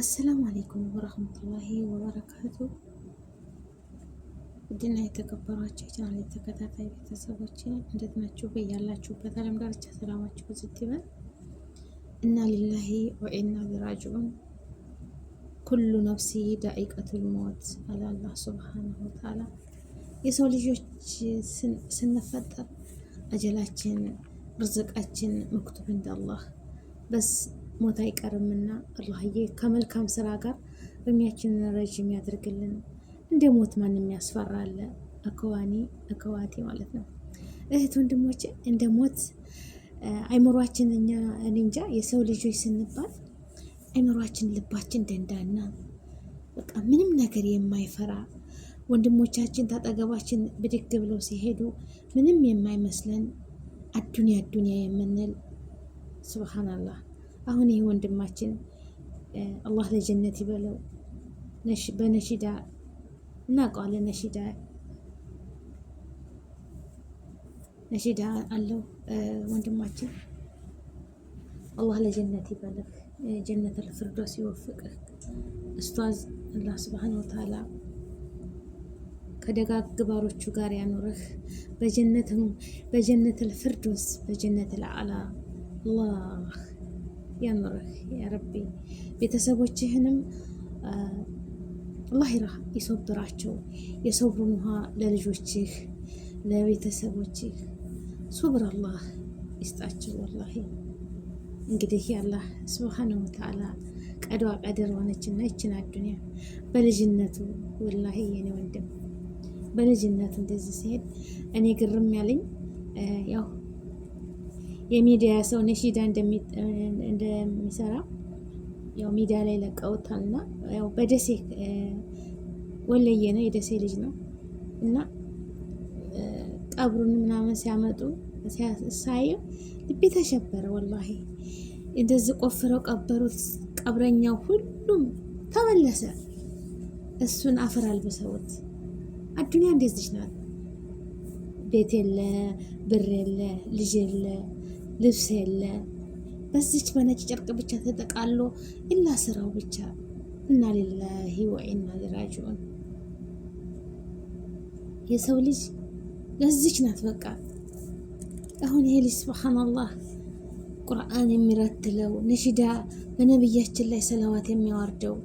አሰላሙ አሌይኩም ወረህመቱላሂ ወበረካቱ። ውድና የተከበሯቸው የቻናል ተከታታይ ቤተሰቦች እንዴት ናችሁ? በያላችሁበት ዓለም ዳርቻ ሰላማችሁ ይብዛ። ኢና ሊላሂ ወኢና ኢለይሂ ኩሉ ነፍሲ ዳኢቀቱል ሞት አለ አላህ ሱብሓነሁ ወተዓላ። የሰው ልጆች ስንፈጠር አጀላችን፣ ርዝቃችን መክቱብ እንደ አላህ በስ ሞት አይቀርምና አላህዬ ከመልካም ስራ ጋር እድሜያችንን ረዥም ያድርግልን። እንደ ሞት ማንም ያስፈራል። አከዋኒ አከዋቴ ማለት ነው እህት ወንድሞች፣ እንደ ሞት አይምሯችን እኛ እንጃ የሰው ልጆች ስንባል አይምሯችን ልባችን ደንዳና በቃ ምንም ነገር የማይፈራ ወንድሞቻችን ታጠገባችን ብድግ ብለው ሲሄዱ ምንም የማይመስለን አዱኒያ አዱኒያ የምንል ሱብሃናላህ አሁን ይህ ወንድማችን አላህ ለጀነት ይበለው። በነሺዳ እናውቀዋለን። ነሺዳ ነሺዳ አለው ወንድማችን አላህ ለጀነት ይበልህ፣ ጀነት አልፍርዶስ ይወፍቅህ። እስቷዝ አላህ ስብሓን ወተዓላ ከደጋግ ግባሮቹ ጋር ያኖርህ። በጀነት አልፍርዶስ በጀነት አልዓላ አላህ ያኑርህ ያረቢ። ቤተሰቦችህንም አላህ ይራህ ይሶብራቸው። የሶብሩን ውሃ ለልጆችህ ለቤተሰቦችህ ሱብር አላህ ይስጣቸው። ወላሂ እንግዲህ ያላህ ስብሓነሁ ወተዓላ ቀዷ ቀደር ሆነችና ይችን አዱንያ በልጅነቱ ወላሂ የኔ ወንድም በልጅነቱ እንደዚህ ሲሄድ እኔ ግርም ያለኝ ያው የሚዲያ ሰው ነሺዳ እንደሚሰራ ያው ሚዲያ ላይ ለቀውታል እና ያው በደሴ ወለየ ነው፣ የደሴ ልጅ ነው እና ቀብሩን ምናምን ሲያመጡ ሳየው ልቤ ተሸበረ። ወላሂ እንደዚህ ቆፍረው ቀበሩት። ቀብረኛው ሁሉም ተመለሰ። እሱን አፈር አልብሰውት። አዱኒያ እንደዚች ናት። ቤት የለ፣ ብር የለ፣ ልጅ የለ ልብስ የለ። በዚች በነጭ ጨርቅ ብቻ ተጠቃሎ ኢላ ስራው ብቻ። እና ሊላሂ ወኢና ሊራጅዑን። የሰው ልጅ ለዚች ናት በቃ። አሁን ይሄ ልጅ ስብሓናላህ ቁርአን የሚረትለው ነሽዳ በነቢያችን ላይ ሰላዋት የሚያዋርደው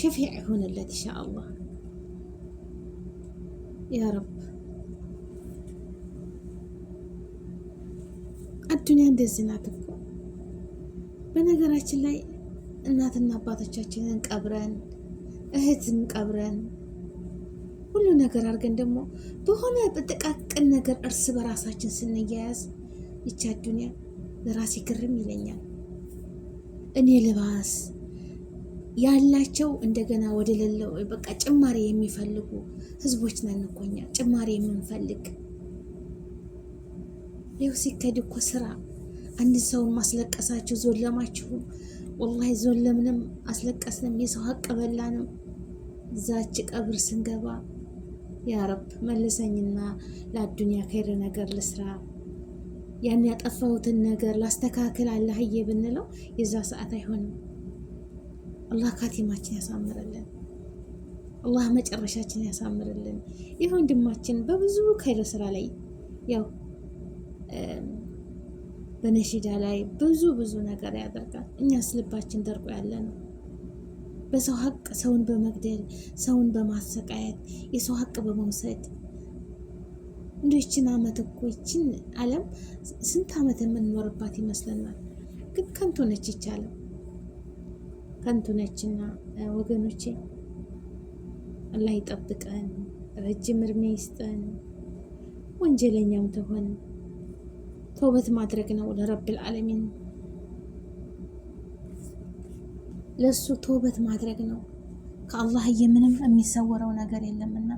ሸፊዕ ይሆንለት ኢንሻ አላህ ያ ረብ። አዱኒያ እንደዚህ ናት። በነገራችን ላይ እናትና አባቶቻችንን ቀብረን እህትን ቀብረን ሁሉ ነገር አድርገን ደግሞ በሆነ በጥቃቅን ነገር እርስ በራሳችን ስንያያዝ ይቺ አዱኒያ ለራሴ ግርም ይለኛል። እኔ ልባስ ያላቸው እንደገና ወደ ሌለው በቃ ጭማሪ የሚፈልጉ ህዝቦች ነን እኮ እኛ ጭማሪ የምንፈልግ ይኸው ሲከድ እኮ ስራ አንድ ሰውን ማስለቀሳችሁ ዞለማችሁ። ወላሂ ዞለምንም አስለቀስንም የሰው ሀቅ በላንም። ዛች ቀብር ስንገባ ያረብ መልሰኝና ለአዱንያ ከይረ ነገር ልስራ ያን ያጠፋሁትን ነገር ላስተካክል አላህዬ ብንለው የዛ ሰዓት አይሆንም። አላህ ካቲማችን ያሳምርልን። አላህ መጨረሻችን ያሳምርልን። ይህ ወንድማችን በብዙ ከይረ ስራ ላይ ያው በነሽዳ ላይ ብዙ ብዙ ነገር ያደርጋል። እኛስ ልባችን ደርቆ ያለ ነው። በሰው ሀቅ ሰውን በመግደል ሰውን በማሰቃየት የሰው ሀቅ በመውሰድ እንዲ ይችን አመት እኮ ይችን አለም ስንት አመት የምንኖርባት ይመስለናል። ግን ከንቱ ነች ይቻለም ከንቱ ነችና ወገኖቼ አላህ ይጠብቀን፣ ረጅም እድሜ ይስጠን። ወንጀለኛም ተሆን ተውበት ማድረግ ነው ለረብል ዓለሚን ለሱ ተውበት ማድረግ ነው። ከአላህ የምንም የሚሰወረው ነገር የለምና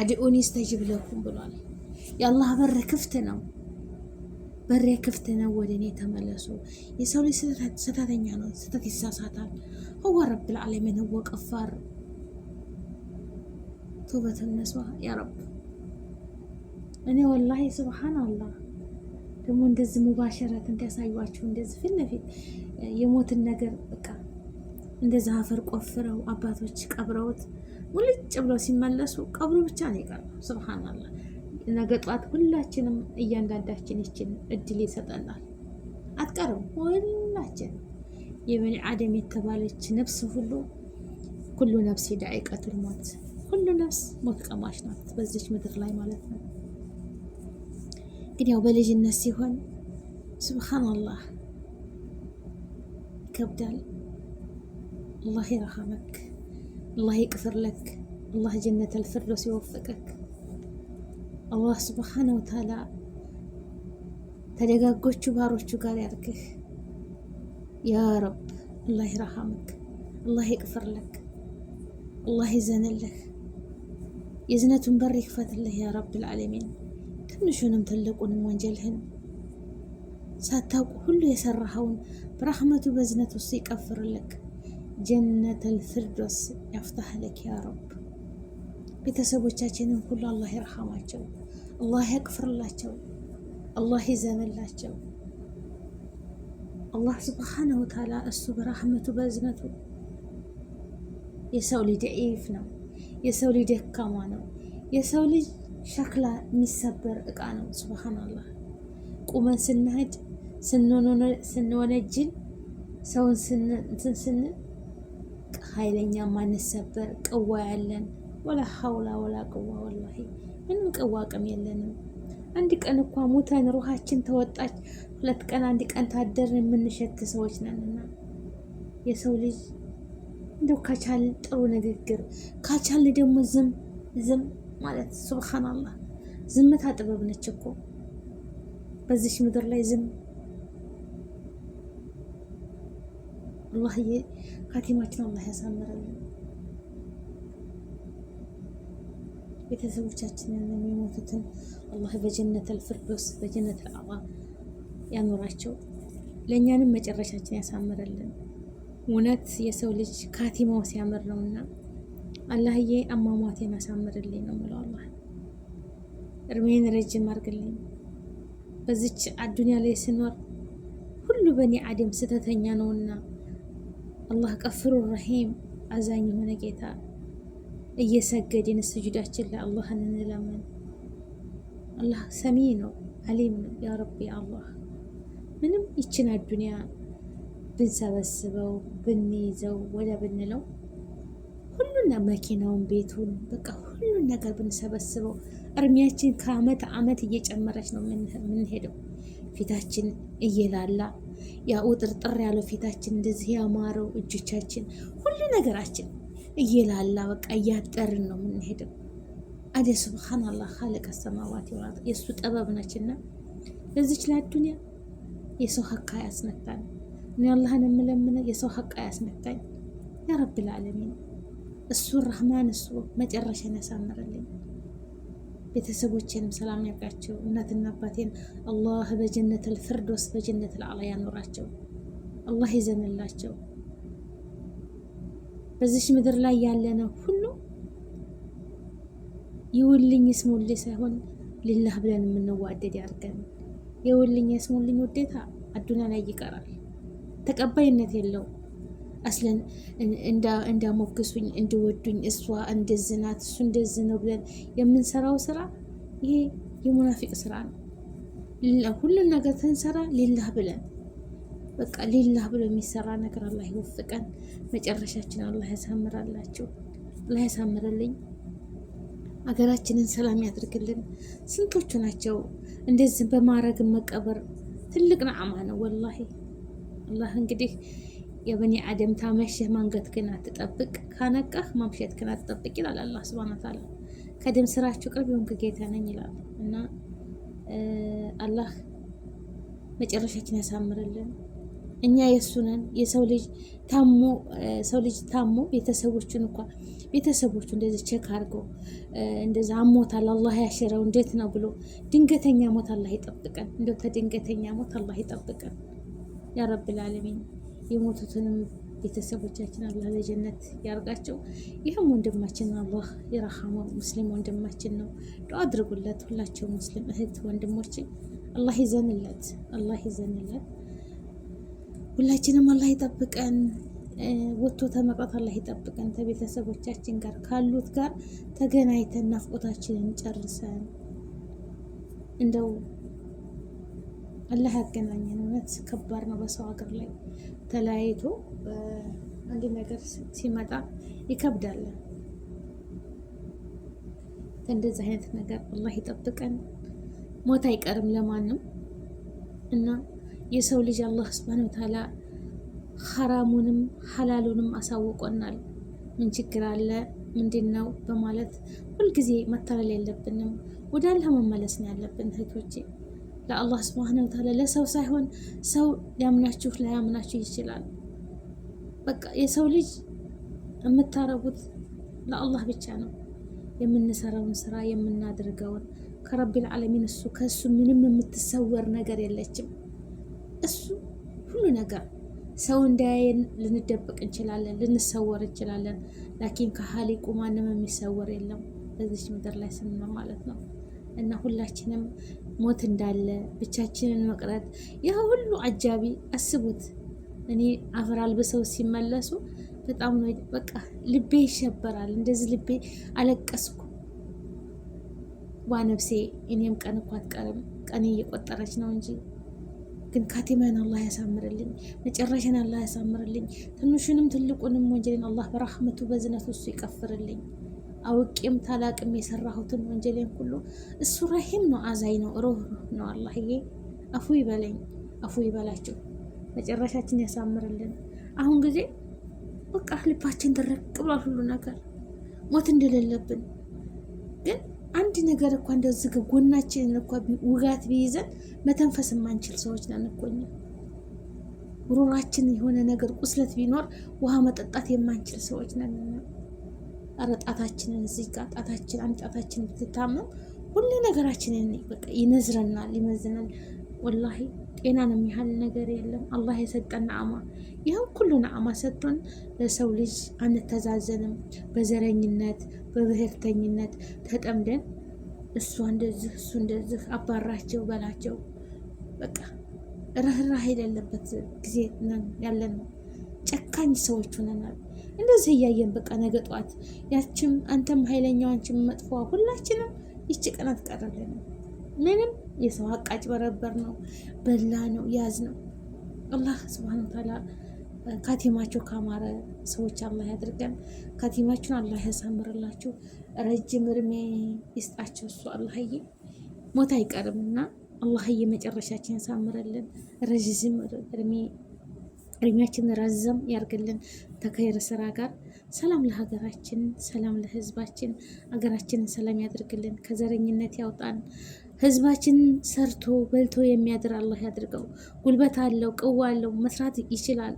አድኡኒ ስተጅብ ለኩም ብሏል። የአላህ በር ክፍት ነው። በሬ ክፍት ነው። ወደ እኔ ተመለሱ። የሰው ልጅ ስህተተኛ ነው። ስህተት ይሳሳታል። ሁወ ረብል ዓለሚን ሁወ ቀፋር ተውበትን ነስዋ ያ ረብ እኔ ወላሂ ስብሓን አላህ ደግሞ እንደዚህ ሙባሸረት እንዲያሳዩአችሁ እንደዚህ ፊት ለፊት የሞትን ነገር በቃ እንደዚህ አፈር ቆፍረው አባቶች ቀብረውት ሙልጭ ብለው ሲመለሱ ቀብሩ ብቻ ነው የቀረው። ስብሓን አላህ ነገ ጠዋት ሁላችንም እያንዳንዳችን ይችን እድል ይሰጠናል። አትቀርም ሁላችን የበኒ አደም የተባለች ነፍስ ሁሉ ኩሉ ነፍስ ዳኢቀቱል ሞት፣ ሁሉ ነፍስ ሞት ቀማሽ ናት በዚች ምድር ላይ ማለት ነው። قد يوم بلج الناس يهون سبحان الله كبدل الله يرحمك الله يغفر لك الله جنة الفردوس يوفقك الله سبحانه وتعالى تلقى قوش باروش قال يركه يا رب الله يرحمك الله يغفر لك الله يزن لك يزنة بريك الله يا رب العالمين ትንሹንም ትልቁንም ወንጀልህን ሳታውቅ ሁሉ የሰራኸውን ብራህመቱ በዝነት ውስጥ ይቀፍርልክ። ጀነተል ፍርዶስ ያፍታህልክ ያ ረብ። ቤተሰቦቻችንን ሁሉ አላህ ይርሐማቸው፣ አላህ ያቅፍርላቸው፣ አላህ ይዘንላቸው። አላህ ስብሓነሁ ወተዓላ እሱ በራህመቱ በዝነቱ የሰው ልጅ ዒፍ ነው። የሰው ልጅ ደካማ ነው። የሰው ልጅ ሸክላ የሚሰበር እቃ ነው። ስብሃናላህ ቁመን ስንሄድ ስንወነጅን ሰውን እንትን ስንል ኃይለኛ ማንሰበር ቅዋ ያለን ወላ ሀውላ ወላ ቅዋ ወላሂ ምንም ቅዋ አቅም የለንም። አንድ ቀን እኳ ሙተን ሩሃችን ተወጣች ሁለት ቀን አንድ ቀን ታደርን የምንሸት ሰዎች ነንና የሰው ልጅ እንደው ካቻል ጥሩ ንግግር ካቻል ደግሞ ዝም ዝም ማለት ሱብሃናላህ። ዝምታ ጥበብ ነች እኮ በዚች ምድር ላይ ዝም አላህዬ ካቲማችን አላህ ያሳምረልን። ቤተሰቦቻችንን የሚሞቱትን አላህ በጀነት አልፍርዶስ በጀነት አልአዕላ ያኖራቸው። ለእኛንም መጨረሻችን ያሳምረልን። እውነት የሰው ልጅ ካቲማው ሲያምር ነውና አላህዬ አሟሟቴን አሳምርልኝ ነው ምለው። አላህ እርሜን ረጅም አርግልኝ። በዚች አዱኒያ ላይ ስኖር ሁሉ በኒ አደም ስተተኛ ነውና አላህ ቀፍሩ ረሂም አዛኝ የሆነ ጌታ እየሰገድን ስጁዳችን ለአላህ እንለምን። አላህ ሰሚ ነው አሊም ነው። ያ ረቢ አላህ ምንም ይችን አዱኒያ ብንሰበስበው ብንይዘው ወደ ብንለው ሁሉና መኪናውን፣ ቤቱን በቃ ሁሉን ነገር ብንሰበስበው እድሜያችን ከአመት አመት እየጨመረች ነው የምንሄደው። ፊታችን እየላላ ያ ውጥርጥር ያለው ፊታችን እንደዚህ ያማረው እጆቻችን፣ ሁሉ ነገራችን እየላላ በቃ እያጠርን ነው የምንሄደው። አደ ሱብሃናላህ ካለቀ ሰማዋት ወራት የእሱ ጥበብ ነችና ለዚች ለአዱንያ የሰው ሀቃ አያስመታን። እኔ አላህን የምለምነው የሰው ሀቃ ያስነታኝ ያረብል አለሚን። እሱ ረህማን እሱ መጨረሻን ያሳምርልኝ። ቤተሰቦቼንም ሰላም ያውቃቸው። እናትና አባቴን አላህ በጀነት ፊርደውስ በጀነት አዕላ ያኖራቸው። አላህ ይዘንላቸው። በዚች ምድር ላይ ያለነ ሁሉ ይውልኝ ይስሙልኝ ሳይሆን ሊላህ ብለን የምንዋደድ ያድርገን። የውልኝ ይስሙልኝ ውዴታ አዱና ላይ ይቀራል፣ ተቀባይነት የለውም። አስለን እንዳሞገሱኝ እንዲወዱኝ እሷ እንደዚህ ናት እሱ እንደዚህ ነው ብለን የምንሰራው ስራ ይሄ የሙናፊቅ ስራ ነው። ሁሉም ነገር ትንሰራ ሌላህ ብለን በቃ ሌላህ ብሎ የሚሰራ ነገር አላህ ይወፍቀን። መጨረሻችን አላህ ያሳምራላችሁ። አላህ ያሳምረልኝ። አገራችንን ሰላም ያድርግልን። ስንቶቹ ናቸው እንደዚህ በማረግ መቀበር ትልቅ ነዓማ ነው ወላሂ። አላህ እንግዲህ የበኒ አደም ታመሽህ ማንገትህን አትጠብቅ፣ ካነቃህ ማምሸትህን አትጠብቅ ይላል አላህ ሱብሃነሁ ወተዓላ። ከደም ስራችሁ ቅርብ የሆንክ ጌታ ነኝ ይላል እና አላህ መጨረሻችን ያሳምርልን። እኛ የእሱ የሰው ልጅ ታሞ ሰው ልጅ ታሞ ቤተሰቦቹን እንኳ ቤተሰቦቹ እንደዚ ቼክ አድርገው እንደዚ አሞታል አላህ ያሽረው እንዴት ነው ብሎ ድንገተኛ ሞት አላህ ይጠብቀን። እንደው ከድንገተኛ ሞት አላህ ይጠብቀን። ያ ረብል ዓለሚን የሞቱትንም ቤተሰቦቻችን አላህ ለጀነት ያርጋቸው። ይህም ወንድማችን አላህ የረሃመው ሙስሊም ወንድማችን ነው። ዱዓ አድርጉለት ሁላቸው ሙስሊም እህት ወንድሞች፣ አላህ ይዘንለት፣ አላህ ይዘንለት። ሁላችንም አላህ ይጠብቀን። ወጥቶ ተመጣት አላህ ይጠብቀን። ከቤተሰቦቻችን ጋር ካሉት ጋር ተገናኝተን ናፍቆታችንን ጨርሰን እንደው አላህ ያገናኘን። እውነት ከባድ ነው። በሰው ሀገር ላይ ተለያይቶ አንድ ነገር ሲመጣ ይከብዳል። ከእንደዚህ አይነት ነገር አላህ ይጠብቀን። ሞት አይቀርም ለማንም እና የሰው ልጅ አላህ ሱብሃነሁ ወተዓላ ሐራሙንም ሐላሉንም አሳውቆናል። ምን ችግር አለ ምንድን ነው በማለት ሁልጊዜ መታለል የለብንም። ወደ አላህ መመለስ ነው ያለብን እህቶቼ። ለአላህ ስብሃነ ወተዓላ ለሰው ሳይሆን ሰው ሊያምናችሁ ላያምናችሁ ይችላል። በቃ የሰው ልጅ የምታረጉት ለአላህ ብቻ ነው። የምንሰራውን ስራ የምናደርገውን ከረቢል ዓለሚን እሱ ከእሱ ምንም የምትሰወር ነገር የለችም። እሱ ሁሉ ነገር ሰው እንዳያየን ልንደብቅ እንችላለን፣ ልንሰወር እንችላለን። ላኪን ከሀሊቁ ማንም የሚሰወር የለም በዚች ምድር ላይ ስንኖር ማለት ነው። እና ሁላችንም ሞት እንዳለ ብቻችንን መቅረት ያ ሁሉ አጃቢ አስቡት። እኔ አፈር አልብሰው ሲመለሱ በጣም ነው በቃ ልቤ ይሸበራል። እንደዚህ ልቤ አለቀስኩ። ዋነብሴ እኔም ቀን እኮ አትቀርም፣ ቀኔ እየቆጠረች ነው እንጂ ግን ካቲመን አላህ ያሳምርልኝ፣ መጨረሻን አላህ ያሳምርልኝ። ትንሹንም ትልቁንም ወንጀልን አላህ በራህመቱ በዝነቱ እሱ ይቀፍርልኝ። አውቄም ታላቅም የሰራሁትን ወንጀሌን ሁሉ እሱ ረሂም ነው፣ አዛይ ነው፣ ሩህ ነው። አላህዬ አፉ ይበለኝ፣ አፉ ይበላቸው፣ መጨረሻችን ያሳምርልን። አሁን ጊዜ በቃ ልባችን ደረቅ ብሏል ሁሉ ነገር ሞት እንደሌለብን ግን አንድ ነገር እኳ እንደዚህ ጎናችንን እኳ ውጋት ቢይዘን መተንፈስ የማንችል ሰዎች ነን እኮ እኛ። ጉሮሯችን የሆነ ነገር ቁስለት ቢኖር ውሃ መጠጣት የማንችል ሰዎች ነን። ኧረ ጣታችንን እዚህ ጋር ጣታችን አንድ ጣታችን ብትታመም ሁሉ ነገራችንን በቃ ይነዝረናል ይመዝናል። ወላሂ ጤናን የሚያህል ነገር የለም። አላህ የሰጠን ነዓማ ይህም ሁሉ ነዓማ ሰጥቶን ለሰው ልጅ አንተዛዘንም። በዘረኝነት በብሔርተኝነት ተጠምደን እሷ እንደዚህ እሱ እንደዚህ አባራቸው በላቸው በቃ ርህራሄ የሌለበት ጊዜ ያለን ጨካኝ ሰዎች ሆነናል። እንደዚህ እያየን በቃ ነገ ጠዋት ያችም አንተም ኃይለኛው መጥፎ ሁላችንም ይች ቀን አትቀርልን። ምንም የሰው አቃጭ በረበር ነው በላ ነው ያዝ ነው። አላህ ስብሃነ ተዓላ ካቲማቸው ካማረ ሰዎች አላህ ያድርገን። ካቲማችሁን አላህ ያሳምርላችሁ፣ ረጅም እድሜ ይስጣቸው። እሱ አላህዬ ሞት አይቀርምና አላህዬ መጨረሻችን ያሳምረልን፣ ረዥም እድሜ እድሜያችን ረዘም ያርግልን ተከይር ስራ ጋር። ሰላም ለሀገራችን፣ ሰላም ለህዝባችን፣ ሀገራችንን ሰላም ያድርግልን፣ ከዘረኝነት ያውጣን። ህዝባችን ሰርቶ በልቶ የሚያድር አላህ ያድርገው። ጉልበት አለው፣ ቅዋ አለው፣ መስራት ይችላል።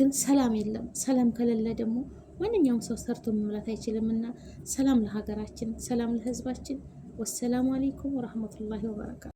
ግን ሰላም የለም። ሰላም ከሌለ ደግሞ ማንኛውም ሰው ሰርቶ መብላት አይችልም እና ሰላም ለሀገራችን፣ ሰላም ለህዝባችን። ወሰላሙ አሌይኩም ወረህመቱላሂ ወበረካቱ